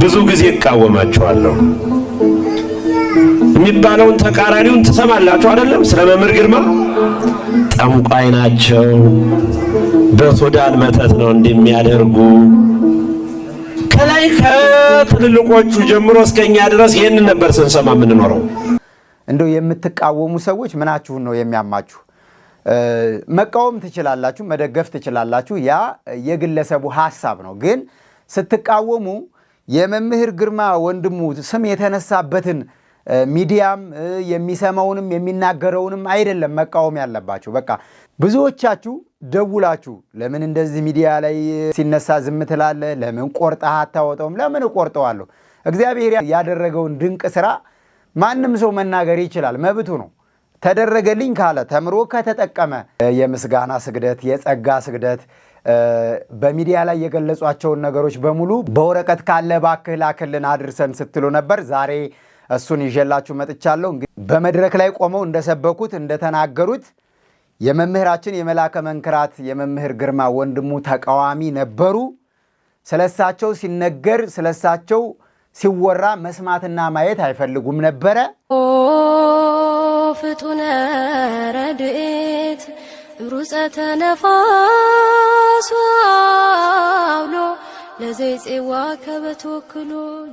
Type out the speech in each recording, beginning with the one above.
ብዙ ጊዜ እቃወማቸዋለሁ። የሚባለውን ተቃራኒውን ትሰማላችሁ አይደለም? ስለ መምህር ግርማ ጠንቋይ ናቸው፣ በሱዳን መተት ነው እንደሚያደርጉ ከላይ ከትልልቆቹ ጀምሮ እስከኛ ድረስ ይህንን ነበር ስንሰማ የምንኖረው። እንደው የምትቃወሙ ሰዎች ምናችሁን ነው የሚያማችሁ? መቃወም ትችላላችሁ፣ መደገፍ ትችላላችሁ። ያ የግለሰቡ ሀሳብ ነው። ግን ስትቃወሙ የመምህር ግርማ ወንድሙ ስም የተነሳበትን ሚዲያም የሚሰማውንም የሚናገረውንም አይደለም መቃወም ያለባችሁ። በቃ ብዙዎቻችሁ ደውላችሁ ለምን እንደዚህ ሚዲያ ላይ ሲነሳ ዝም ትላለህ? ለምን ቆርጠህ አታወጣውም? ለምን እቆርጠዋለሁ? እግዚአብሔር ያደረገውን ድንቅ ስራ ማንም ሰው መናገር ይችላል፣ መብቱ ነው። ተደረገልኝ ካለ ተምሮ ከተጠቀመ የምስጋና ስግደት፣ የጸጋ ስግደት በሚዲያ ላይ የገለጿቸውን ነገሮች በሙሉ በወረቀት ካለ ባክህ ላክልን አድርሰን ስትሉ ነበር። ዛሬ እሱን ይዤላችሁ መጥቻለሁ። እንግዲህ በመድረክ ላይ ቆመው እንደሰበኩት እንደተናገሩት የመምህራችን የመላከ መንክራት የመምህር ግርማ ወንድሙ ተቃዋሚ ነበሩ። ስለሳቸው ሲነገር ስለሳቸው ሲወራ መስማትና ማየት አይፈልጉም ነበረ። ፍጡነ ረድኤት ሩፀተ ነፋስ አውሎ ለዘይፄዋ ከበተወክሎ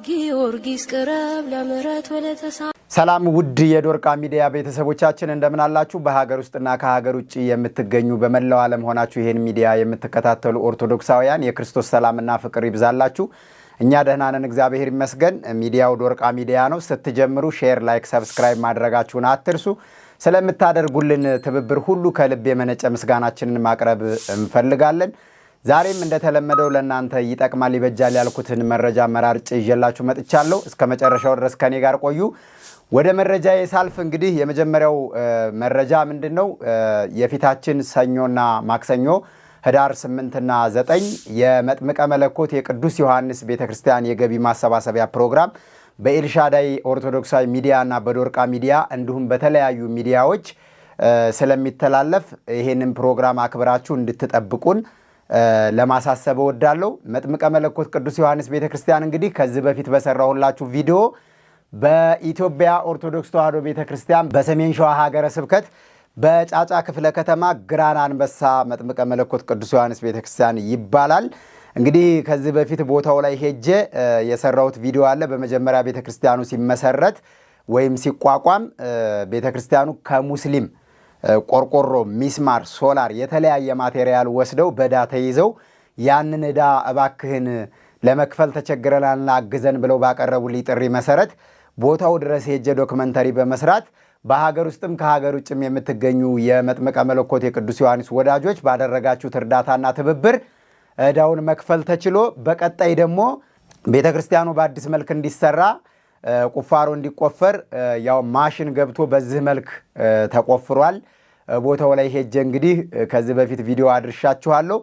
ጊዮርጊስ ቅረብ ለምረት ወለተሳ ሰላም ውድ የዶርቃ ሚዲያ ቤተሰቦቻችን እንደምን አላችሁ? በሀገር ውስጥና ከሀገር ውጭ የምትገኙ በመላው ዓለም ሆናችሁ ይህን ሚዲያ የምትከታተሉ ኦርቶዶክሳውያን የክርስቶስ ሰላምና ፍቅር ይብዛላችሁ። እኛ ደህናነን እግዚአብሔር ይመስገን። ሚዲያው ዶርቃ ሚዲያ ነው። ስትጀምሩ ሼር፣ ላይክ፣ ሰብስክራይብ ማድረጋችሁን አትርሱ። ስለምታደርጉልን ትብብር ሁሉ ከልብ የመነጨ ምስጋናችንን ማቅረብ እንፈልጋለን። ዛሬም እንደተለመደው ለእናንተ ይጠቅማል ይበጃል ያልኩትን መረጃ መራርጬ ይዤላችሁ መጥቻለሁ። እስከ መጨረሻው ድረስ ከኔ ጋር ቆዩ። ወደ መረጃ የሳልፍ እንግዲህ የመጀመሪያው መረጃ ምንድን ነው? የፊታችን ሰኞና ማክሰኞ ህዳር 8ና 9 የመጥምቀ መለኮት የቅዱስ ዮሐንስ ቤተ ክርስቲያን የገቢ ማሰባሰቢያ ፕሮግራም በኤልሻዳይ ኦርቶዶክሳዊ ሚዲያና በዶርቃ ሚዲያ እንዲሁም በተለያዩ ሚዲያዎች ስለሚተላለፍ ይህንን ፕሮግራም አክብራችሁ እንድትጠብቁን ለማሳሰብ እወዳለሁ። መጥምቀ መለኮት ቅዱስ ዮሐንስ ቤተ ክርስቲያን እንግዲህ ከዚህ በፊት በሰራሁላችሁ ቪዲዮ በኢትዮጵያ ኦርቶዶክስ ተዋሕዶ ቤተ ክርስቲያን በሰሜን ሸዋ ሀገረ ስብከት በጫጫ ክፍለ ከተማ ግራና አንበሳ መጥምቀ መለኮት ቅዱስ ዮሐንስ ቤተክርስቲያን ይባላል። እንግዲህ ከዚህ በፊት ቦታው ላይ ሄጄ የሰራሁት ቪዲዮ አለ። በመጀመሪያ ቤተክርስቲያኑ ሲመሰረት ወይም ሲቋቋም ቤተክርስቲያኑ ከሙስሊም ቆርቆሮ፣ ሚስማር፣ ሶላር የተለያየ ማቴሪያል ወስደው በዳ ተይዘው ያንን ዕዳ እባክህን ለመክፈል ተቸግረናልና አግዘን ብለው ባቀረቡልኝ ጥሪ መሰረት ቦታው ድረስ ሄጄ ዶክመንተሪ በመስራት በሀገር ውስጥም ከሀገር ውጭም የምትገኙ የመጥምቀ መለኮት የቅዱስ ዮሐንስ ወዳጆች ባደረጋችሁት እርዳታና ትብብር እዳውን መክፈል ተችሎ በቀጣይ ደግሞ ቤተ ክርስቲያኑ በአዲስ መልክ እንዲሰራ ቁፋሮ እንዲቆፈር ያው ማሽን ገብቶ በዚህ መልክ ተቆፍሯል። ቦታው ላይ ሄጄ እንግዲህ ከዚህ በፊት ቪዲዮ አድርሻችኋለሁ።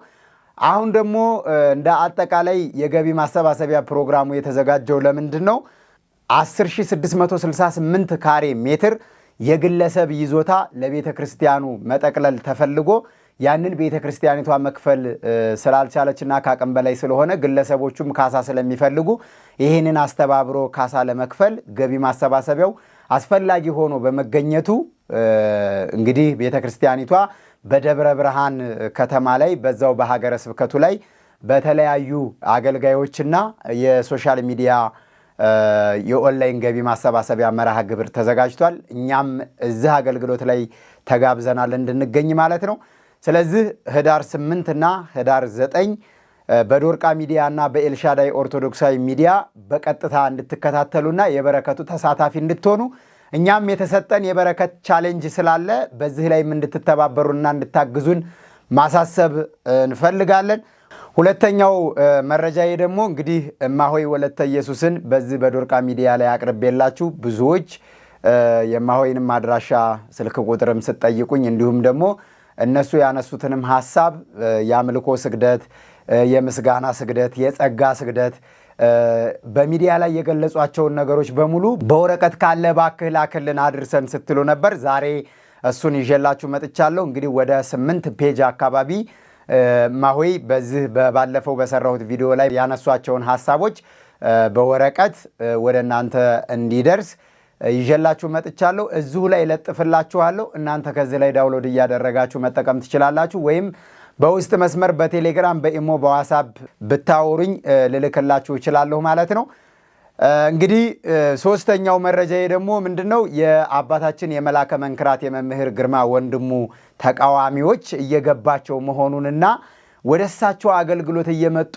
አሁን ደግሞ እንደ አጠቃላይ የገቢ ማሰባሰቢያ ፕሮግራሙ የተዘጋጀው ለምንድን ነው? 10668 ካሬ ሜትር የግለሰብ ይዞታ ለቤተ ክርስቲያኑ መጠቅለል ተፈልጎ ያንን ቤተ ክርስቲያኒቷ መክፈል ስላልቻለችና ከአቅም በላይ ስለሆነ ግለሰቦቹም ካሳ ስለሚፈልጉ ይህንን አስተባብሮ ካሳ ለመክፈል ገቢ ማሰባሰቢያው አስፈላጊ ሆኖ በመገኘቱ እንግዲህ ቤተ ክርስቲያኒቷ በደብረ ብርሃን ከተማ ላይ በዛው በሀገረ ስብከቱ ላይ በተለያዩ አገልጋዮችና የሶሻል ሚዲያ የኦንላይን ገቢ ማሰባሰቢያ መርሃ ግብር ተዘጋጅቷል። እኛም እዚህ አገልግሎት ላይ ተጋብዘናል እንድንገኝ ማለት ነው። ስለዚህ ህዳር ስምንት እና ህዳር ዘጠኝ በዶርቃ ሚዲያ እና በኤልሻዳይ ኦርቶዶክሳዊ ሚዲያ በቀጥታ እንድትከታተሉና የበረከቱ ተሳታፊ እንድትሆኑ እኛም የተሰጠን የበረከት ቻሌንጅ ስላለ በዚህ ላይም እንድትተባበሩና እንድታግዙን ማሳሰብ እንፈልጋለን። ሁለተኛው መረጃዬ ደግሞ እንግዲህ እማሆይ ወለተ ኢየሱስን በዚህ በዶርቃ ሚዲያ ላይ አቅርቤላችሁ ብዙዎች የማሆይንም አድራሻ ስልክ ቁጥርም ስትጠይቁኝ እንዲሁም ደግሞ እነሱ ያነሱትንም ሀሳብ የአምልኮ ስግደት፣ የምስጋና ስግደት፣ የጸጋ ስግደት በሚዲያ ላይ የገለጿቸውን ነገሮች በሙሉ በወረቀት ካለ እባክህ ላክልን አድርሰን ስትሉ ነበር። ዛሬ እሱን ይዤላችሁ መጥቻለሁ። እንግዲህ ወደ ስምንት ፔጅ አካባቢ ማሆይ በዚህ ባለፈው በሰራሁት ቪዲዮ ላይ ያነሷቸውን ሀሳቦች በወረቀት ወደ እናንተ እንዲደርስ ይዤላችሁ መጥቻለሁ። እዚሁ ላይ ለጥፍላችኋለሁ። እናንተ ከዚህ ላይ ዳውንሎድ እያደረጋችሁ መጠቀም ትችላላችሁ ወይም በውስጥ መስመር በቴሌግራም በኢሞ በዋሳብ ብታወሩኝ ልልክላችሁ እችላለሁ ማለት ነው። እንግዲህ ሶስተኛው መረጃ ደግሞ ምንድን ነው? የአባታችን የመላከ መንክራት የመምህር ግርማ ወንድሙ ተቃዋሚዎች እየገባቸው መሆኑንና ወደ እሳቸው አገልግሎት እየመጡ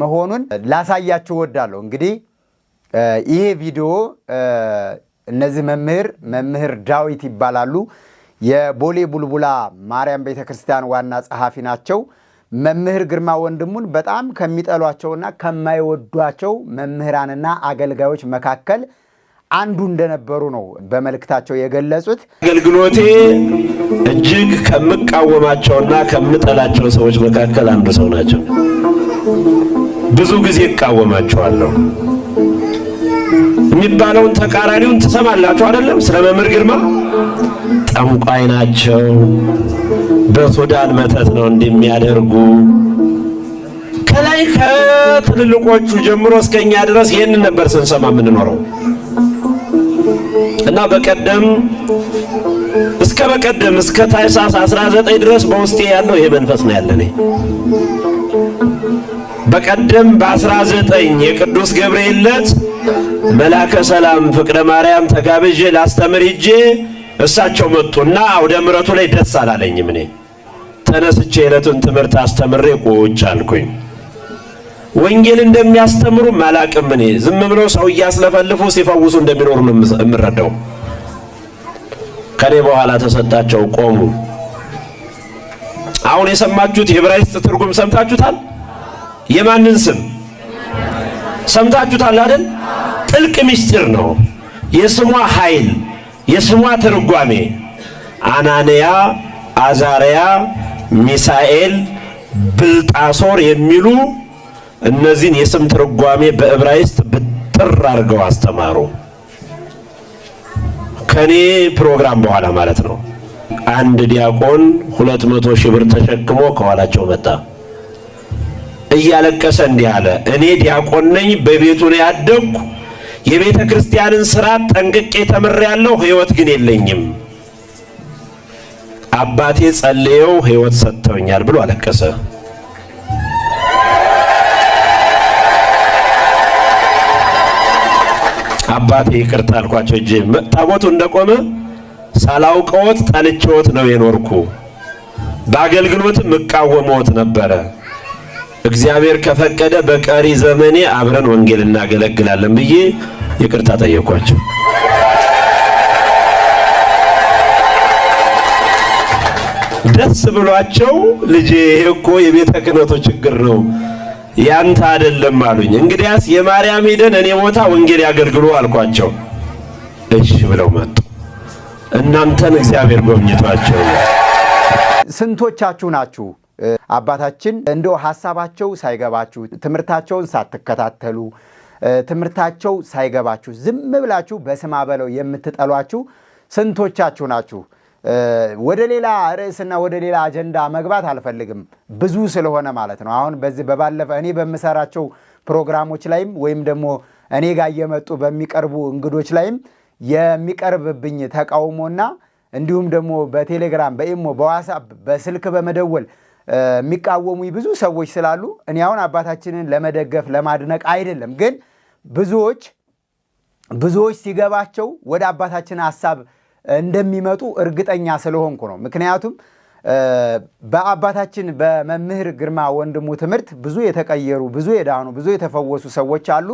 መሆኑን ላሳያቸው እወዳለሁ። እንግዲህ ይሄ ቪዲዮ እነዚህ መምህር መምህር ዳዊት ይባላሉ። የቦሌ ቡልቡላ ማርያም ቤተክርስቲያን ዋና ጸሐፊ ናቸው። መምህር ግርማ ወንድሙን በጣም ከሚጠሏቸውና ከማይወዷቸው መምህራንና አገልጋዮች መካከል አንዱ እንደነበሩ ነው በመልእክታቸው የገለጹት። አገልግሎቴ እጅግ ከምቃወማቸውና ከምጠላቸው ሰዎች መካከል አንዱ ሰው ናቸው። ብዙ ጊዜ እቃወማቸዋለሁ። የሚባለውን ተቃራኒውን ትሰማላችሁ አይደለም? ስለ መምህር ግርማ ጠንቋይ ናቸው በሱዳን መተት ነው እንደሚያደርጉ ከላይ ከትልልቆቹ ጀምሮ እስከኛ ድረስ ይህንን ነበር ስንሰማ የምንኖረው እና በቀደም እስከ በቀደም እስከ ታኅሳስ 19 ድረስ በውስጤ ያለው ይሄ መንፈስ ነው ያለ። እኔ በቀደም በ19 የቅዱስ ገብርኤል ዕለት መላከ ሰላም ፍቅረ ማርያም ተጋብዤ ላስተምር ሂጄ እሳቸው መጡና አውደ ምረቱ ላይ ደስ አላለኝም እኔ ተነስቼ የዕለቱን ትምህርት አስተምሬ ቁጭ አልኩኝ። ወንጌል እንደሚያስተምሩ አላቅም። እኔ ዝም ብለው ሰው እያስለፈልፉ ሲፈውሱ እንደሚኖሩ ነው የምረዳው። ከኔ በኋላ ተሰጣቸው፣ ቆሙ። አሁን የሰማችሁት የዕብራይስጥ ትርጉም ሰምታችሁታል? የማንን ስም ሰምታችሁታል አይደል? ጥልቅ ምስጢር ነው። የስሟ ኃይል፣ የስሟ ትርጓሜ አናንያ፣ አዛርያ ሚሳኤል፣ ብልጣሶር የሚሉ እነዚህን የስም ትርጓሜ በዕብራይስጥ ብጥር አድርገው አስተማሩ። ከኔ ፕሮግራም በኋላ ማለት ነው። አንድ ዲያቆን ሁለት መቶ ሺህ ብር ተሸክሞ ከኋላቸው መጣ። እያለቀሰ እንዲህ አለ፣ እኔ ዲያቆን ነኝ፣ በቤቱ ነው ያደግኩ፣ የቤተ ክርስቲያንን ስርዓት ጠንቅቄ ተምሬያለሁ፣ ሕይወት ግን የለኝም። አባቴ ጸልየው ሕይወት ሰጥተውኛል ብሎ አለቀሰ። አባቴ ይቅርታ አልኳቸው። እጄ ታቦቱ እንደቆመ ሳላውቀዎት ጠልቼዎት ነው የኖርኩ። በአገልግሎትም እቃወመዎት ነበረ። እግዚአብሔር ከፈቀደ በቀሪ ዘመኔ አብረን ወንጌል እናገለግላለን ብዬ ይቅርታ ጠየኳቸው። ደስ ብሏቸው ልጄ ይሄ እኮ የቤተ ክህነቱ ችግር ነው ያንተ አይደለም አሉኝ። እንግዲያስ የማርያም ሄደን እኔ ቦታ ወንጌል ያገልግሉ አልኳቸው። እሺ ብለው መጡ። እናንተን እግዚአብሔር ጎብኝቷቸው። ስንቶቻችሁ ናችሁ አባታችን እንደው ሀሳባቸው ሳይገባችሁ ትምህርታቸውን ሳትከታተሉ ትምህርታቸው ሳይገባችሁ ዝም ብላችሁ በስማ በለው የምትጠሏችሁ ስንቶቻችሁ ናችሁ? ወደ ሌላ ርዕስና ወደ ሌላ አጀንዳ መግባት አልፈልግም፣ ብዙ ስለሆነ ማለት ነው። አሁን በዚህ በባለፈ እኔ በምሰራቸው ፕሮግራሞች ላይም ወይም ደግሞ እኔ ጋር እየመጡ በሚቀርቡ እንግዶች ላይም የሚቀርብብኝ ተቃውሞና እንዲሁም ደግሞ በቴሌግራም በኢሞ በዋሳፕ በስልክ በመደወል የሚቃወሙ ብዙ ሰዎች ስላሉ እኔ አሁን አባታችንን ለመደገፍ ለማድነቅ አይደለም፣ ግን ብዙዎች ብዙዎች ሲገባቸው ወደ አባታችን ሀሳብ እንደሚመጡ እርግጠኛ ስለሆንኩ ነው። ምክንያቱም በአባታችን በመምህር ግርማ ወንድሙ ትምህርት ብዙ የተቀየሩ ብዙ የዳኑ ብዙ የተፈወሱ ሰዎች አሉ።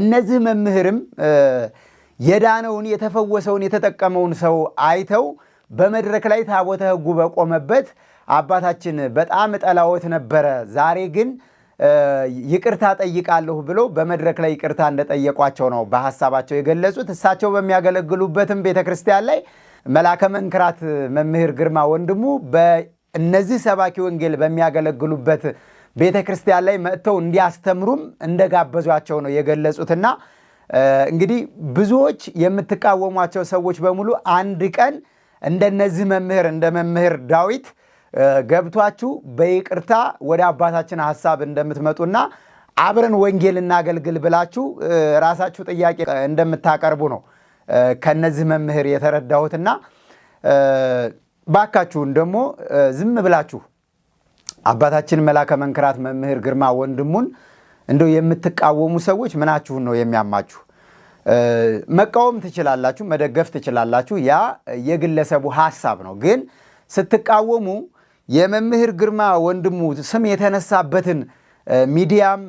እነዚህ መምህርም የዳነውን የተፈወሰውን የተጠቀመውን ሰው አይተው በመድረክ ላይ ታቦተ ሕጉ በቆመበት አባታችን በጣም ጠላዎት ነበረ፣ ዛሬ ግን ይቅርታ ጠይቃለሁ ብሎ በመድረክ ላይ ይቅርታ እንደጠየቋቸው ነው በሀሳባቸው የገለጹት። እሳቸው በሚያገለግሉበትም ቤተ ክርስቲያን ላይ መላከ መንክራት መምህር ግርማ ወንድሙ በእነዚህ ሰባኪ ወንጌል በሚያገለግሉበት ቤተ ክርስቲያን ላይ መጥተው እንዲያስተምሩም እንደጋበዟቸው ነው የገለጹትና እንግዲህ ብዙዎች የምትቃወሟቸው ሰዎች በሙሉ አንድ ቀን እንደነዚህ መምህር እንደ መምህር ዳዊት ገብቷችሁ በይቅርታ ወደ አባታችን ሀሳብ እንደምትመጡና አብረን ወንጌል እናገልግል ብላችሁ ራሳችሁ ጥያቄ እንደምታቀርቡ ነው ከነዚህ መምህር የተረዳሁትና ባካችሁን ደግሞ ዝም ብላችሁ አባታችን መላከ መንክራት መምህር ግርማ ወንድሙን እንደው የምትቃወሙ ሰዎች ምናችሁን ነው የሚያማችሁ? መቃወም ትችላላችሁ፣ መደገፍ ትችላላችሁ። ያ የግለሰቡ ሀሳብ ነው። ግን ስትቃወሙ የመምህር ግርማ ወንድሙ ስም የተነሳበትን ሚዲያም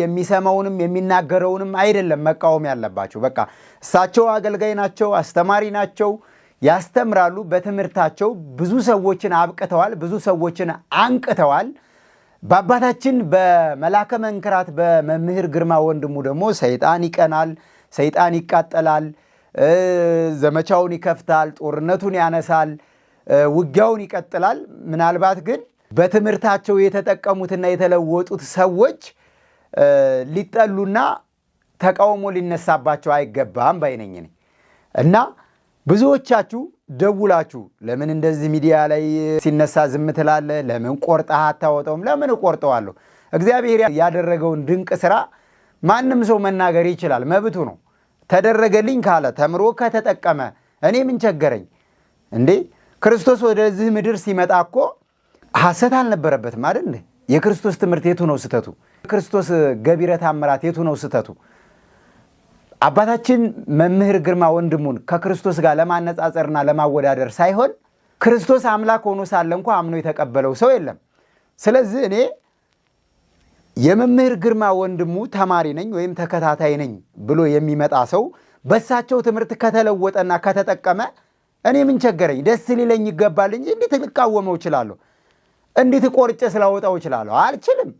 የሚሰማውንም የሚናገረውንም አይደለም መቃወም ያለባቸው። በቃ እሳቸው አገልጋይ ናቸው፣ አስተማሪ ናቸው፣ ያስተምራሉ። በትምህርታቸው ብዙ ሰዎችን አብቅተዋል፣ ብዙ ሰዎችን አንቅተዋል። በአባታችን በመላከ መንክራት በመምህር ግርማ ወንድሙ ደግሞ ሰይጣን ይቀናል፣ ሰይጣን ይቃጠላል፣ ዘመቻውን ይከፍታል፣ ጦርነቱን ያነሳል ውጊያውን ይቀጥላል። ምናልባት ግን በትምህርታቸው የተጠቀሙትና የተለወጡት ሰዎች ሊጠሉና ተቃውሞ ሊነሳባቸው አይገባም ባይነኝ እና ብዙዎቻችሁ ደውላችሁ ለምን እንደዚህ ሚዲያ ላይ ሲነሳ ዝም ትላለህ? ለምን ቆርጠህ አታወጣውም? ለምን እቆርጠዋለሁ? እግዚአብሔር ያደረገውን ድንቅ ስራ ማንም ሰው መናገር ይችላል፣ መብቱ ነው። ተደረገልኝ ካለ ተምሮ ከተጠቀመ እኔ ምን ቸገረኝ እንዴ? ክርስቶስ ወደዚህ ምድር ሲመጣ እኮ ሐሰት አልነበረበትም አይደል? የክርስቶስ ትምህርት የቱ ነው ስህተቱ? የክርስቶስ ገቢረ ተአምራት የቱ ነው ስህተቱ? አባታችን መምህር ግርማ ወንድሙን ከክርስቶስ ጋር ለማነጻጸርና ለማወዳደር ሳይሆን ክርስቶስ አምላክ ሆኖ ሳለ እንኳ አምኖ የተቀበለው ሰው የለም። ስለዚህ እኔ የመምህር ግርማ ወንድሙ ተማሪ ነኝ ወይም ተከታታይ ነኝ ብሎ የሚመጣ ሰው በእሳቸው ትምህርት ከተለወጠና ከተጠቀመ እኔ ምን ቸገረኝ? ደስ ሊለኝ ይገባል እንጂ እንዴት ልቃወመው እችላለሁ? እንዴት ቆርጬ ስላወጣው እችላለሁ? አልችልም።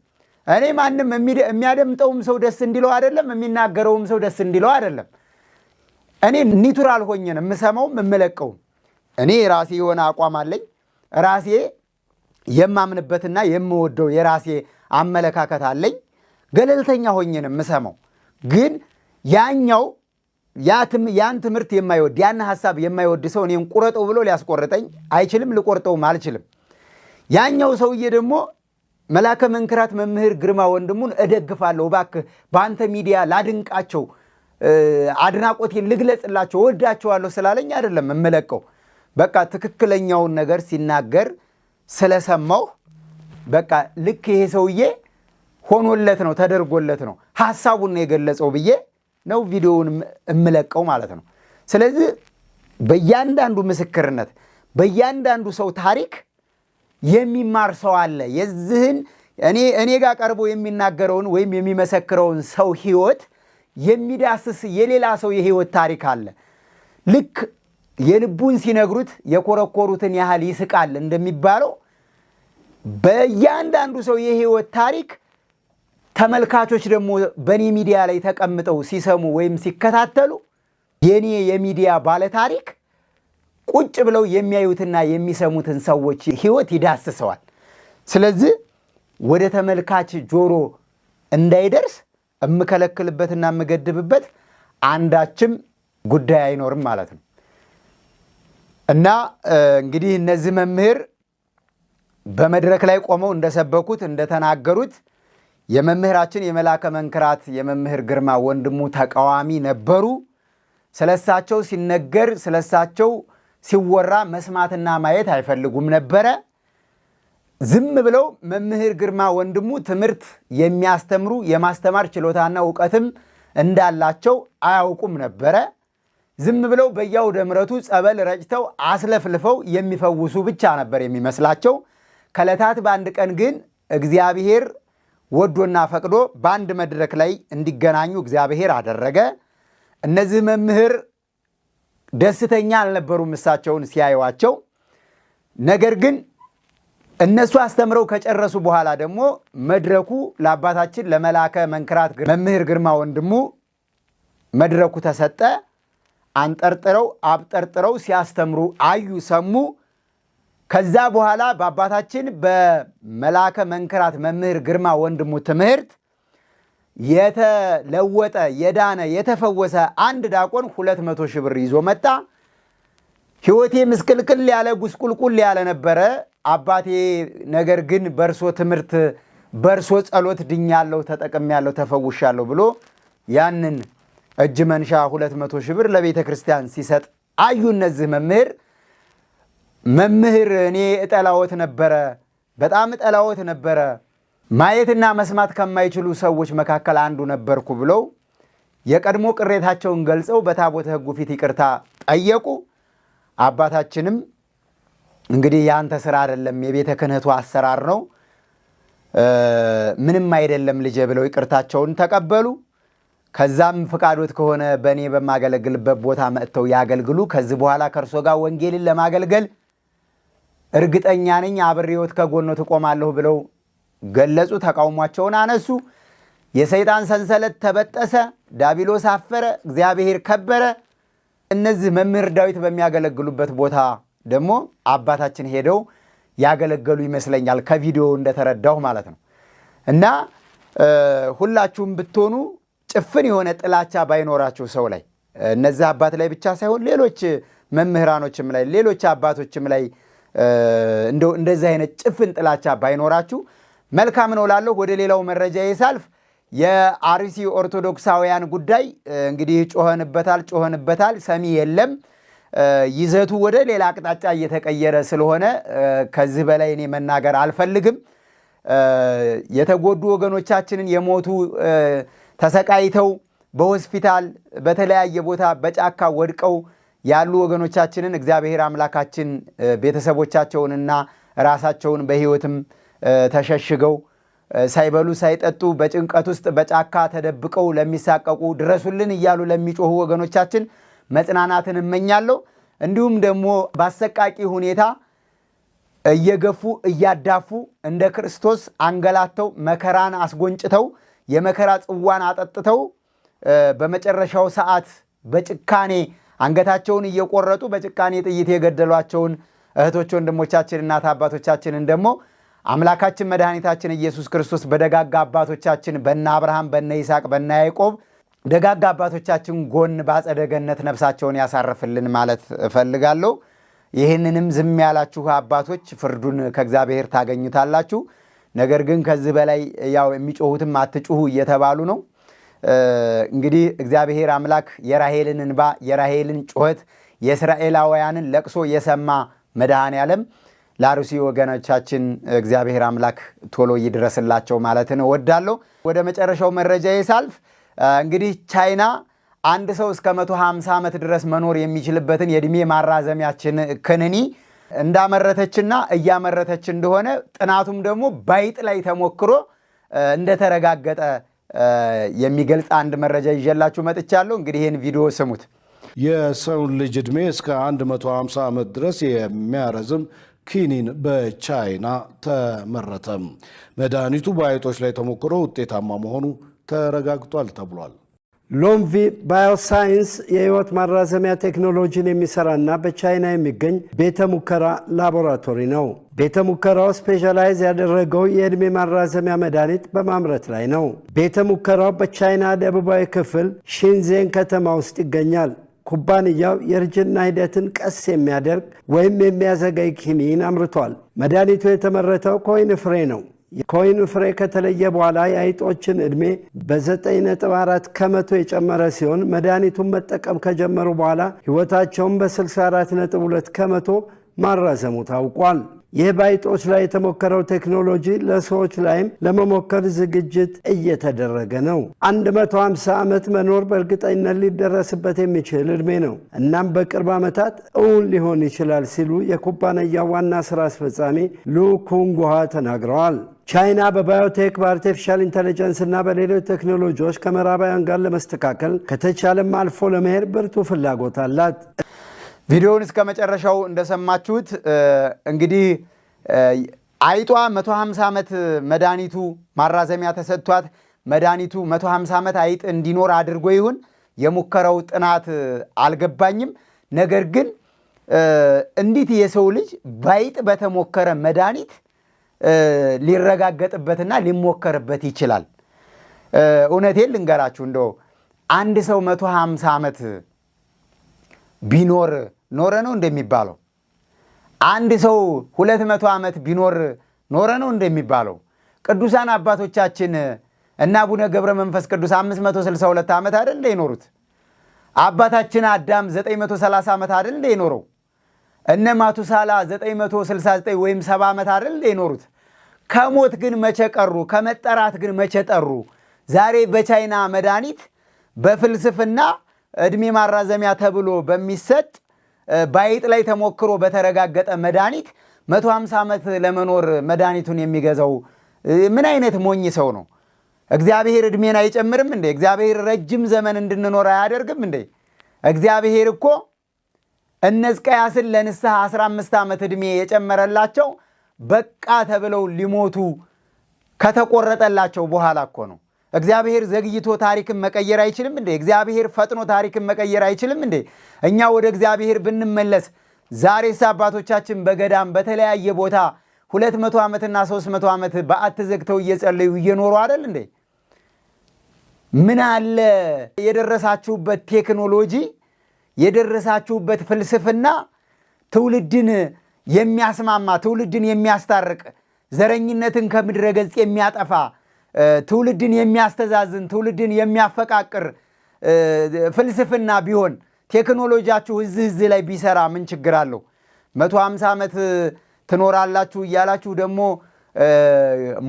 እኔ ማንም የሚያደምጠውም ሰው ደስ እንዲለው አይደለም፣ የሚናገረውም ሰው ደስ እንዲለው አይደለም። እኔ ኒቱራል ሆኜ ነው የምሰማውም የምለቀውም። እኔ ራሴ የሆነ አቋም አለኝ። ራሴ የማምንበትና የምወደው የራሴ አመለካከት አለኝ። ገለልተኛ ሆኜ ነው የምሰማው ግን ያኛው ያን ትምህርት የማይወድ ያን ሀሳብ የማይወድ ሰው እኔን ቁረጠው ብሎ ሊያስቆርጠኝ አይችልም፣ ልቆርጠውም አልችልም። ያኛው ሰውዬ ደግሞ መላከ መንክራት መምህር ግርማ ወንድሙን እደግፋለሁ፣ እባክህ በአንተ ሚዲያ ላድንቃቸው፣ አድናቆቴን ልግለጽላቸው፣ ወዳቸዋለሁ ስላለኝ አይደለም እምለቀው። በቃ ትክክለኛውን ነገር ሲናገር ስለሰማሁ በቃ ልክ ይሄ ሰውዬ ሆኖለት ነው ተደርጎለት ነው ሀሳቡን ነው የገለጸው ብዬ ነው ቪዲዮውን እምለቀው ማለት ነው። ስለዚህ በእያንዳንዱ ምስክርነት በእያንዳንዱ ሰው ታሪክ የሚማር ሰው አለ። የዚህን እኔ እኔ ጋር ቀርቦ የሚናገረውን ወይም የሚመሰክረውን ሰው ህይወት የሚዳስስ የሌላ ሰው የህይወት ታሪክ አለ። ልክ የልቡን ሲነግሩት የኮረኮሩትን ያህል ይስቃል እንደሚባለው በእያንዳንዱ ሰው የህይወት ታሪክ ተመልካቾች ደግሞ በእኔ ሚዲያ ላይ ተቀምጠው ሲሰሙ ወይም ሲከታተሉ የእኔ የሚዲያ ባለታሪክ ቁጭ ብለው የሚያዩትና የሚሰሙትን ሰዎች ህይወት ይዳስሰዋል። ስለዚህ ወደ ተመልካች ጆሮ እንዳይደርስ የምከለክልበትና የምገድብበት አንዳችም ጉዳይ አይኖርም ማለት ነው እና እንግዲህ እነዚህ መምህር በመድረክ ላይ ቆመው እንደሰበኩት እንደተናገሩት የመምህራችን የመላከ መንክራት የመምህር ግርማ ወንድሙ ተቃዋሚ ነበሩ። ስለሳቸው ሲነገር ስለሳቸው ሲወራ መስማትና ማየት አይፈልጉም ነበረ። ዝም ብለው መምህር ግርማ ወንድሙ ትምህርት የሚያስተምሩ የማስተማር ችሎታና እውቀትም እንዳላቸው አያውቁም ነበረ። ዝም ብለው በየአውደ ምሕረቱ ጸበል ረጭተው አስለፍልፈው የሚፈውሱ ብቻ ነበር የሚመስላቸው። ከዕለታት በአንድ ቀን ግን እግዚአብሔር ወዶና ፈቅዶ በአንድ መድረክ ላይ እንዲገናኙ እግዚአብሔር አደረገ። እነዚህ መምህር ደስተኛ አልነበሩም እሳቸውን ሲያዩቸው ነገር ግን እነሱ አስተምረው ከጨረሱ በኋላ ደግሞ መድረኩ ለአባታችን ለመላከ መንክራት መምህር ግርማ ወንድሙ መድረኩ ተሰጠ። አንጠርጥረው አብጠርጥረው ሲያስተምሩ አዩ፣ ሰሙ። ከዛ በኋላ በአባታችን በመላከ መንክራት መምህር ግርማ ወንድሙ ትምህርት የተለወጠ የዳነ የተፈወሰ አንድ ዳቆን ሁለት መቶ ሺህ ብር ይዞ መጣ። ሕይወቴ ምስቅልቅል ያለ ጉስቁልቁል ያለ ነበረ አባቴ፣ ነገር ግን በእርሶ ትምህርት በእርሶ ጸሎት ድኛለሁ፣ ተጠቅሜያለሁ፣ ተፈውሻለሁ ብሎ ያንን እጅ መንሻ ሁለት መቶ ሺህ ብር ለቤተ ክርስቲያን ሲሰጥ አዩ እነዚህ መምህር መምህር እኔ እጠላዎት ነበረ፣ በጣም እጠላዎት ነበረ። ማየትና መስማት ከማይችሉ ሰዎች መካከል አንዱ ነበርኩ ብለው የቀድሞ ቅሬታቸውን ገልጸው በታቦተ ሕጉ ፊት ይቅርታ ጠየቁ። አባታችንም እንግዲህ የአንተ ስራ አይደለም፣ የቤተ ክህነቱ አሰራር ነው፣ ምንም አይደለም ልጄ ብለው ይቅርታቸውን ተቀበሉ። ከዛም ፍቃዶት ከሆነ በእኔ በማገለግልበት ቦታ መጥተው ያገልግሉ። ከዚህ በኋላ ከእርሶ ጋር ወንጌልን ለማገልገል እርግጠኛ ነኝ አብሬዎት ከጎኖ ትቆማለሁ ብለው ገለጹ። ተቃውሟቸውን አነሱ። የሰይጣን ሰንሰለት ተበጠሰ። ዳቢሎስ አፈረ፣ እግዚአብሔር ከበረ። እነዚህ መምህር ዳዊት በሚያገለግሉበት ቦታ ደግሞ አባታችን ሄደው ያገለገሉ ይመስለኛል ከቪዲዮ እንደተረዳሁ ማለት ነው። እና ሁላችሁም ብትሆኑ ጭፍን የሆነ ጥላቻ ባይኖራችሁ ሰው ላይ እነዚህ አባት ላይ ብቻ ሳይሆን ሌሎች መምህራኖችም ላይ ሌሎች አባቶችም ላይ እንደዚህ አይነት ጭፍን ጥላቻ ባይኖራችሁ መልካም ነው ላለሁ። ወደ ሌላው መረጃ ሳልፍ የአርሲ ኦርቶዶክሳውያን ጉዳይ እንግዲህ ጮኸንበታል ጮኸንበታል፣ ሰሚ የለም። ይዘቱ ወደ ሌላ አቅጣጫ እየተቀየረ ስለሆነ ከዚህ በላይ እኔ መናገር አልፈልግም። የተጎዱ ወገኖቻችንን የሞቱ ተሰቃይተው በሆስፒታል በተለያየ ቦታ በጫካ ወድቀው ያሉ ወገኖቻችንን እግዚአብሔር አምላካችን ቤተሰቦቻቸውንና ራሳቸውን በሕይወትም ተሸሽገው ሳይበሉ ሳይጠጡ በጭንቀት ውስጥ በጫካ ተደብቀው ለሚሳቀቁ ድረሱልን እያሉ ለሚጮሁ ወገኖቻችን መጽናናትን እመኛለሁ። እንዲሁም ደግሞ በአሰቃቂ ሁኔታ እየገፉ እያዳፉ እንደ ክርስቶስ አንገላተው መከራን አስጎንጭተው የመከራ ጽዋን አጠጥተው በመጨረሻው ሰዓት በጭካኔ አንገታቸውን እየቆረጡ በጭካኔ ጥይት የገደሏቸውን እህቶች ወንድሞቻችን፣ እናት አባቶቻችንን ደግሞ አምላካችን መድኃኒታችን ኢየሱስ ክርስቶስ በደጋጋ አባቶቻችን በነ አብርሃም፣ በነ ይስሐቅ፣ በነ ያዕቆብ ደጋጋ አባቶቻችን ጎን በአጸደ ገነት ነፍሳቸውን ያሳርፍልን ማለት እፈልጋለሁ። ይህንንም ዝም ያላችሁ አባቶች ፍርዱን ከእግዚአብሔር ታገኙታላችሁ። ነገር ግን ከዚህ በላይ ያው የሚጮሁትም አትጩሁ እየተባሉ ነው። እንግዲህ እግዚአብሔር አምላክ የራሄልን እንባ የራሄልን ጩኸት የእስራኤላውያንን ለቅሶ የሰማ መድኃኔ ዓለም ለአርሲ ወገኖቻችን እግዚአብሔር አምላክ ቶሎ ይድረስላቸው ማለትን እወዳለሁ። ወደ መጨረሻው መረጃ ሳልፍ እንግዲህ ቻይና አንድ ሰው እስከ 150 ዓመት ድረስ መኖር የሚችልበትን የዕድሜ ማራዘሚያችን ክንኒ እንዳመረተችና እያመረተች እንደሆነ ጥናቱም ደግሞ ባይጥ ላይ ተሞክሮ እንደተረጋገጠ የሚገልጽ አንድ መረጃ ይዤላችሁ መጥቻለሁ። እንግዲህ ይህን ቪዲዮ ስሙት። የሰውን ልጅ ዕድሜ እስከ 150 ዓመት ድረስ የሚያረዝም ኪኒን በቻይና ተመረተም። መድኃኒቱ በአይጦች ላይ ተሞክሮ ውጤታማ መሆኑ ተረጋግጧል ተብሏል። ሎምቪ ባዮሳይንስ የህይወት ማራዘሚያ ቴክኖሎጂን የሚሰራና በቻይና የሚገኝ ቤተ ሙከራ ላቦራቶሪ ነው። ቤተ ሙከራው ስፔሻላይዝ ያደረገው የዕድሜ ማራዘሚያ መድኃኒት በማምረት ላይ ነው። ቤተ ሙከራው በቻይና ደቡባዊ ክፍል ሺንዜን ከተማ ውስጥ ይገኛል። ኩባንያው የእርጅና ሂደትን ቀስ የሚያደርግ ወይም የሚያዘገይ ኪኒን አምርቷል። መድኃኒቱ የተመረተው ከወይን ፍሬ ነው። የኮይኑ ፍሬ ከተለየ በኋላ የአይጦችን ዕድሜ በ9.4 ከመቶ የጨመረ ሲሆን መድኃኒቱን መጠቀም ከጀመሩ በኋላ ሕይወታቸውን በ64.2 ከመቶ ማራዘሙ ታውቋል። የባይጦች ላይ የተሞከረው ቴክኖሎጂ ለሰዎች ላይም ለመሞከር ዝግጅት እየተደረገ ነው። 150 ዓመት መኖር በእርግጠኝነት ሊደረስበት የሚችል ዕድሜ ነው። እናም በቅርብ ዓመታት እውን ሊሆን ይችላል ሲሉ የኩባንያው ዋና ሥራ አስፈጻሚ ሉኩንጉሃ ተናግረዋል። ቻይና በባዮቴክ በአርቲፊሻል ኢንቴሊጀንስ እና በሌሎች ቴክኖሎጂዎች ከምዕራባውያን ጋር ለመስተካከል ከተቻለም አልፎ ለመሄድ ብርቱ ፍላጎት አላት። ቪዲዮውን እስከ መጨረሻው እንደሰማችሁት እንግዲህ አይጧ 150 ዓመት መድኃኒቱ ማራዘሚያ ተሰጥቷት መድኃኒቱ 150 ዓመት አይጥ እንዲኖር አድርጎ ይሁን የሙከራው ጥናት አልገባኝም። ነገር ግን እንዴት የሰው ልጅ በአይጥ በተሞከረ መድኃኒት ሊረጋገጥበትና ሊሞከርበት ይችላል? እውነቴን ልንገራችሁ እንደው አንድ ሰው 150 ዓመት ቢኖር ኖረ ነው እንደሚባለው አንድ ሰው ሁለት መቶ ዓመት ቢኖር ኖረ ነው እንደሚባለው ቅዱሳን አባቶቻችን እና አቡነ ገብረ መንፈስ ቅዱስ 562 ዓመት አይደል እንደ ይኖሩት አባታችን አዳም 930 ዓመት አይደል እንደ ይኖረው እነ ማቱሳላ 969 ወይም 70 ዓመት አይደል እንደ ይኖሩት ከሞት ግን መቼ ቀሩ ከመጠራት ግን መቼ ጠሩ ዛሬ በቻይና መድኃኒት በፍልስፍና እድሜ ማራዘሚያ ተብሎ በሚሰጥ በአይጥ ላይ ተሞክሮ በተረጋገጠ መድኃኒት መቶ ሃምሳ ዓመት ለመኖር መድኃኒቱን የሚገዛው ምን አይነት ሞኝ ሰው ነው? እግዚአብሔር ዕድሜን አይጨምርም እንዴ? እግዚአብሔር ረጅም ዘመን እንድንኖር አያደርግም እንዴ? እግዚአብሔር እኮ እነ ሕዝቅያስን ለንስሐ 15 ዓመት ዕድሜ የጨመረላቸው በቃ ተብለው ሊሞቱ ከተቆረጠላቸው በኋላ እኮ ነው። እግዚአብሔር ዘግይቶ ታሪክን መቀየር አይችልም እንዴ? እግዚአብሔር ፈጥኖ ታሪክን መቀየር አይችልም እንዴ? እኛ ወደ እግዚአብሔር ብንመለስ ዛሬስ አባቶቻችን በገዳም በተለያየ ቦታ ሁለት መቶ ዓመትና ሶስት መቶ ዓመት በዓት ዘግተው እየጸለዩ እየኖሩ አይደል እንዴ? ምን አለ የደረሳችሁበት ቴክኖሎጂ የደረሳችሁበት ፍልስፍና ትውልድን የሚያስማማ ትውልድን የሚያስታርቅ ዘረኝነትን ከምድረ ገጽ የሚያጠፋ ትውልድን የሚያስተዛዝን ትውልድን የሚያፈቃቅር ፍልስፍና ቢሆን ቴክኖሎጂያችሁ እዚህ እዚህ ላይ ቢሰራ ምን ችግር አለው? መቶ ሃምሳ ዓመት ትኖራላችሁ እያላችሁ ደግሞ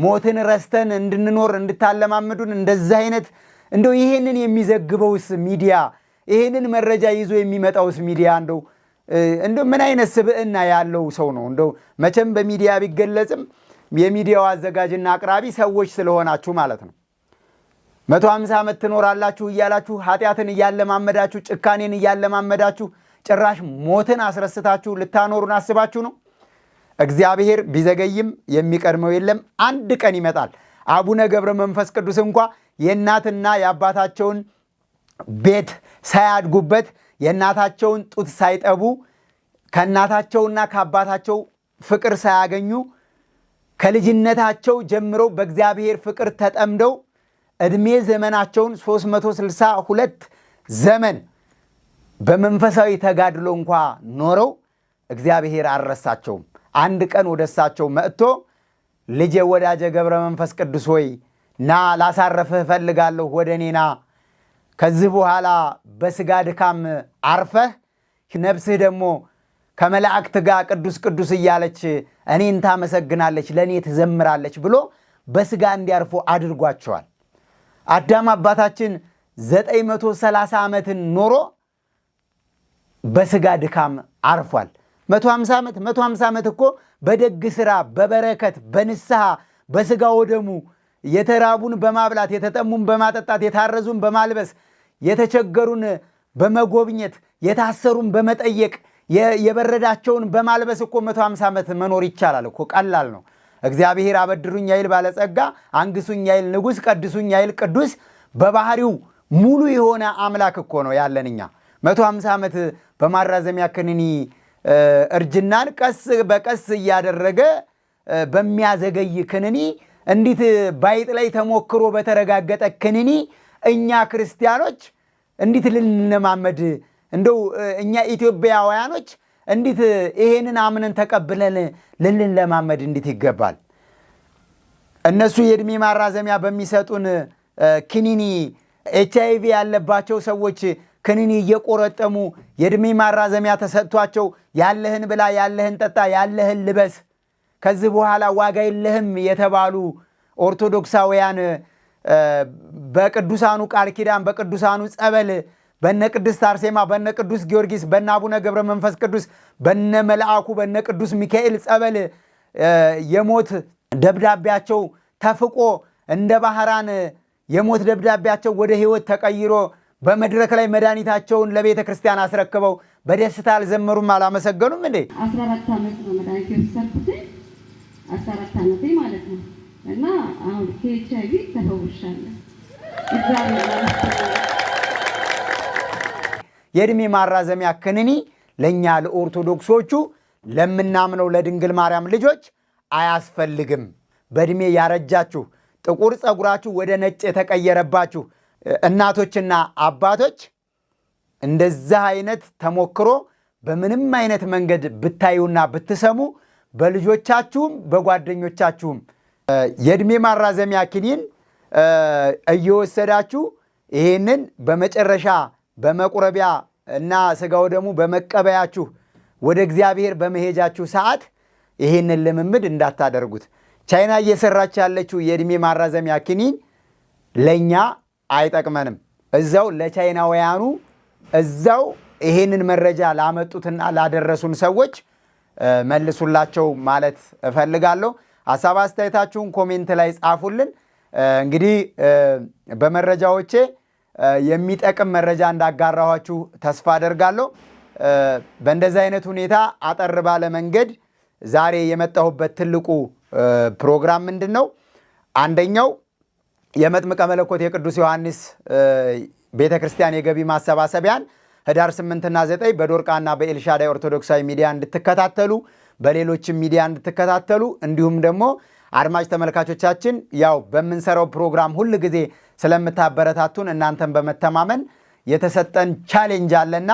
ሞትን ረስተን እንድንኖር እንድታለማምዱን እንደዚህ አይነት እንደው ይሄንን የሚዘግበውስ ሚዲያ ይሄንን መረጃ ይዞ የሚመጣውስ ሚዲያ እንደው እንደው ምን አይነት ስብዕና ያለው ሰው ነው? እንደው መቼም በሚዲያ ቢገለጽም የሚዲያው አዘጋጅና አቅራቢ ሰዎች ስለሆናችሁ ማለት ነው። መቶ ሃምሳ ዓመት ትኖራላችሁ እያላችሁ ኃጢአትን እያለማመዳችሁ ጭካኔን እያለማመዳችሁ ጭራሽ ሞትን አስረስታችሁ ልታኖሩን አስባችሁ ነው። እግዚአብሔር ቢዘገይም የሚቀድመው የለም፣ አንድ ቀን ይመጣል። አቡነ ገብረ መንፈስ ቅዱስ እንኳ የእናትና የአባታቸውን ቤት ሳያድጉበት የእናታቸውን ጡት ሳይጠቡ ከእናታቸውና ከአባታቸው ፍቅር ሳያገኙ ከልጅነታቸው ጀምረው በእግዚአብሔር ፍቅር ተጠምደው ዕድሜ ዘመናቸውን 362 ዘመን በመንፈሳዊ ተጋድሎ እንኳ ኖረው እግዚአብሔር አልረሳቸውም። አንድ ቀን ወደ እሳቸው መጥቶ ልጄ ወዳጄ ገብረ መንፈስ ቅዱስ ሆይ ና ላሳረፍህ እፈልጋለሁ፣ ወደ እኔና ከዚህ በኋላ በስጋ ድካም አርፈህ ነፍስህ ደግሞ ከመላእክት ጋር ቅዱስ ቅዱስ እያለች እኔን ታመሰግናለች፣ ለእኔ ትዘምራለች ብሎ በስጋ እንዲያርፉ አድርጓቸዋል። አዳም አባታችን 930 ዓመትን ኖሮ በስጋ ድካም አርፏል። 150 ዓመት 150 ዓመት እኮ በደግ ስራ፣ በበረከት፣ በንስሐ በስጋ ወደሙ የተራቡን በማብላት የተጠሙን በማጠጣት የታረዙን በማልበስ የተቸገሩን በመጎብኘት የታሰሩን በመጠየቅ የበረዳቸውን በማልበስ እኮ 150 ዓመት መኖር ይቻላል እኮ ቀላል ነው። እግዚአብሔር አበድሩኝ ያይል ባለጸጋ፣ አንግሱኝ ያይል ንጉሥ፣ ቀድሱኝ ያይል ቅዱስ በባህሪው ሙሉ የሆነ አምላክ እኮ ነው ያለን እኛ። 150 ዓመት በማራዘሚያ ክንኒ እርጅናን ቀስ በቀስ እያደረገ በሚያዘገይ ክንኒ እንዲት ባይጥ ላይ ተሞክሮ በተረጋገጠ ክንኒ እኛ ክርስቲያኖች እንዲት ልንለማመድ እንደው እኛ ኢትዮጵያውያኖች እንዴት ይሄንን አምነን ተቀብለን ለማመድ እንዴት ይገባል? እነሱ የእድሜ ማራዘሚያ በሚሰጡን ክኒኒ ኤች ቪ ያለባቸው ሰዎች ክኒኒ እየቆረጠሙ የእድሜ ማራዘሚያ ተሰጥቷቸው ያለህን ብላ፣ ያለህን ጠጣ፣ ያለህን ልበስ፣ ከዚህ በኋላ ዋጋ የለህም የተባሉ ኦርቶዶክሳውያን በቅዱሳኑ ቃል ኪዳን በቅዱሳኑ ጸበል በነ ቅድስት አርሴማ በነ ቅዱስ ጊዮርጊስ በነ አቡነ ገብረ መንፈስ ቅዱስ በነ መልአኩ በነ ቅዱስ ሚካኤል ጸበል የሞት ደብዳቤያቸው ተፍቆ እንደ ባህራን የሞት ደብዳቤያቸው ወደ ህይወት ተቀይሮ በመድረክ ላይ መድኃኒታቸውን ለቤተ ክርስቲያን አስረክበው በደስታ አልዘመሩም? አላመሰገኑም እንዴ? አስራ አራት ዓመት ነው መድኃኒት የወሰድኩት አስራ አራት ማለት ነው እና አሁን ከኤች አይ ቪ ተፈውሻለሁ። የዕድሜ ማራዘሚያ ክንኒ ለእኛ ለኦርቶዶክሶቹ ለምናምነው ለድንግል ማርያም ልጆች አያስፈልግም። በዕድሜ ያረጃችሁ ጥቁር ፀጉራችሁ ወደ ነጭ የተቀየረባችሁ እናቶችና አባቶች እንደዚህ አይነት ተሞክሮ በምንም አይነት መንገድ ብታዩና ብትሰሙ በልጆቻችሁም በጓደኞቻችሁም የዕድሜ ማራዘሚያ ክኒን እየወሰዳችሁ ይህንን በመጨረሻ በመቁረቢያ እና ስጋው ደግሞ በመቀበያችሁ ወደ እግዚአብሔር በመሄጃችሁ ሰዓት ይህንን ልምምድ እንዳታደርጉት። ቻይና እየሰራች ያለችው የእድሜ ማራዘሚያ ክኒን ለእኛ አይጠቅመንም። እዛው ለቻይናውያኑ እዛው ይሄንን መረጃ ላመጡትና ላደረሱን ሰዎች መልሱላቸው ማለት እፈልጋለሁ። ሀሳብ አስተያየታችሁን ኮሜንት ላይ ጻፉልን። እንግዲህ በመረጃዎቼ የሚጠቅም መረጃ እንዳጋራኋችሁ ተስፋ አደርጋለሁ። በእንደዚህ አይነት ሁኔታ አጠር ባለ መንገድ ዛሬ የመጣሁበት ትልቁ ፕሮግራም ምንድን ነው? አንደኛው የመጥምቀ መለኮት የቅዱስ ዮሐንስ ቤተ ክርስቲያን የገቢ ማሰባሰቢያን ህዳር 8ና 9 በዶርቃና በኤልሻዳይ ኦርቶዶክሳዊ ሚዲያ እንድትከታተሉ፣ በሌሎችም ሚዲያ እንድትከታተሉ እንዲሁም ደግሞ አድማጭ ተመልካቾቻችን ያው በምንሰራው ፕሮግራም ሁል ጊዜ ስለምታበረታቱን እናንተን በመተማመን የተሰጠን ቻሌንጅ አለና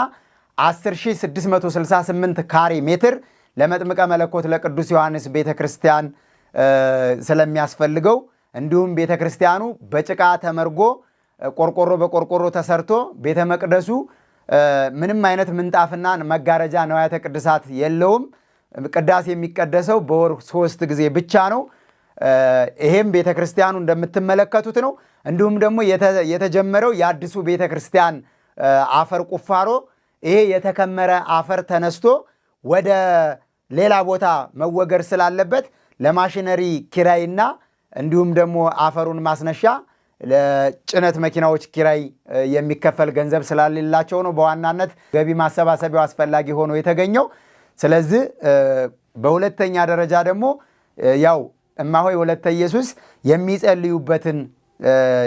10668 ካሬ ሜትር ለመጥምቀ መለኮት ለቅዱስ ዮሐንስ ቤተ ክርስቲያን ስለሚያስፈልገው እንዲሁም ቤተ ክርስቲያኑ በጭቃ ተመርጎ ቆርቆሮ በቆርቆሮ ተሰርቶ ቤተ መቅደሱ ምንም አይነት ምንጣፍና መጋረጃ ነዋያተ ቅድሳት የለውም። ቅዳሴ የሚቀደሰው በወር ሶስት ጊዜ ብቻ ነው። ይሄም ቤተ ክርስቲያኑ እንደምትመለከቱት ነው። እንዲሁም ደግሞ የተጀመረው የአዲሱ ቤተ ክርስቲያን አፈር ቁፋሮ ይሄ የተከመረ አፈር ተነስቶ ወደ ሌላ ቦታ መወገድ ስላለበት ለማሽነሪ ኪራይና እንዲሁም ደግሞ አፈሩን ማስነሻ ለጭነት መኪናዎች ኪራይ የሚከፈል ገንዘብ ስላሌላቸው ነው በዋናነት ገቢ ማሰባሰቢያው አስፈላጊ ሆኖ የተገኘው። ስለዚህ በሁለተኛ ደረጃ ደግሞ ያው እማሆይ ወለተ ኢየሱስ የሚጸልዩበትን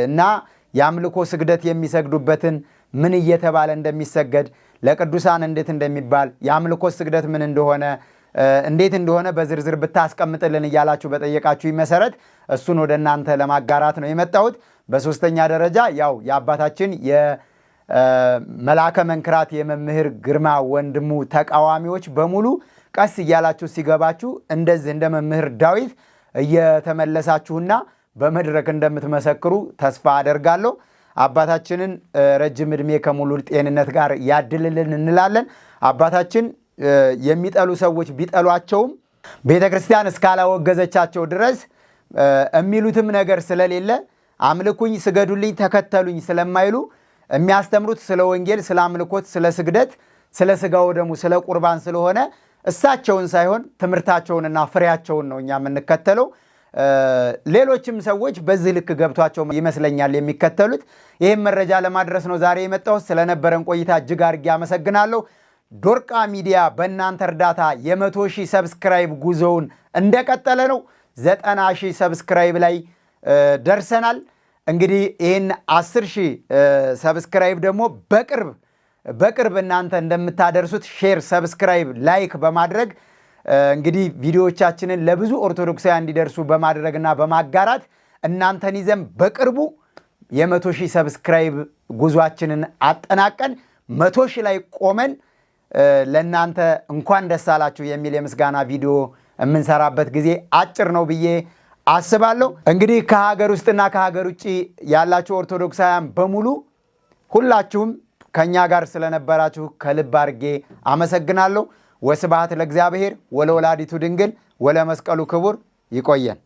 እና የአምልኮ ስግደት የሚሰግዱበትን ምን እየተባለ እንደሚሰገድ ለቅዱሳን እንዴት እንደሚባል የአምልኮ ስግደት ምን እንደሆነ እንዴት እንደሆነ በዝርዝር ብታስቀምጥልን እያላችሁ በጠየቃችሁ መሰረት እሱን ወደ እናንተ ለማጋራት ነው የመጣሁት። በሶስተኛ ደረጃ ያው የአባታችን የመላከ መንክራት የመምህር ግርማ ወንድሙ ተቃዋሚዎች በሙሉ ቀስ እያላችሁ ሲገባችሁ እንደዚህ እንደ መምህር ዳዊት እየተመለሳችሁና በመድረክ እንደምትመሰክሩ ተስፋ አደርጋለሁ። አባታችንን ረጅም ዕድሜ ከሙሉ ጤንነት ጋር ያድልልን እንላለን። አባታችን የሚጠሉ ሰዎች ቢጠሏቸውም ቤተ ክርስቲያን እስካላወገዘቻቸው ድረስ የሚሉትም ነገር ስለሌለ አምልኩኝ፣ ስገዱልኝ፣ ተከተሉኝ ስለማይሉ የሚያስተምሩት ስለ ወንጌል፣ ስለ አምልኮት፣ ስለ ስግደት፣ ስለ ስጋ ወደሙ፣ ስለ ቁርባን ስለሆነ እሳቸውን ሳይሆን ትምህርታቸውንና ፍሬያቸውን ነው እኛ የምንከተለው። ሌሎችም ሰዎች በዚህ ልክ ገብቷቸው ይመስለኛል የሚከተሉት። ይህም መረጃ ለማድረስ ነው ዛሬ የመጣሁት። ስለነበረን ቆይታ እጅግ አድርጌ አመሰግናለሁ። ዶርቃ ሚዲያ በእናንተ እርዳታ የመቶ ሺህ ሰብስክራይብ ጉዞውን እንደቀጠለ ነው። ዘጠና ሺህ ሰብስክራይብ ላይ ደርሰናል። እንግዲህ ይህን አስር ሺህ ሰብስክራይብ ደግሞ በቅርብ በቅርብ እናንተ እንደምታደርሱት ሼር፣ ሰብስክራይብ፣ ላይክ በማድረግ እንግዲህ ቪዲዮዎቻችንን ለብዙ ኦርቶዶክሳውያን እንዲደርሱ በማድረግና በማጋራት እናንተን ይዘን በቅርቡ የመቶ ሺህ ሰብስክራይብ ጉዟችንን አጠናቀን መቶ ሺህ ላይ ቆመን ለእናንተ እንኳን ደስ አላችሁ የሚል የምስጋና ቪዲዮ የምንሰራበት ጊዜ አጭር ነው ብዬ አስባለሁ። እንግዲህ ከሀገር ውስጥና ከሀገር ውጭ ያላችሁ ኦርቶዶክሳውያን በሙሉ ሁላችሁም ከእኛ ጋር ስለነበራችሁ ከልብ አድርጌ አመሰግናለሁ። ወስብሐት ለእግዚአብሔር ወለወላዲቱ ድንግል ወለመስቀሉ ክቡር። ይቆየን።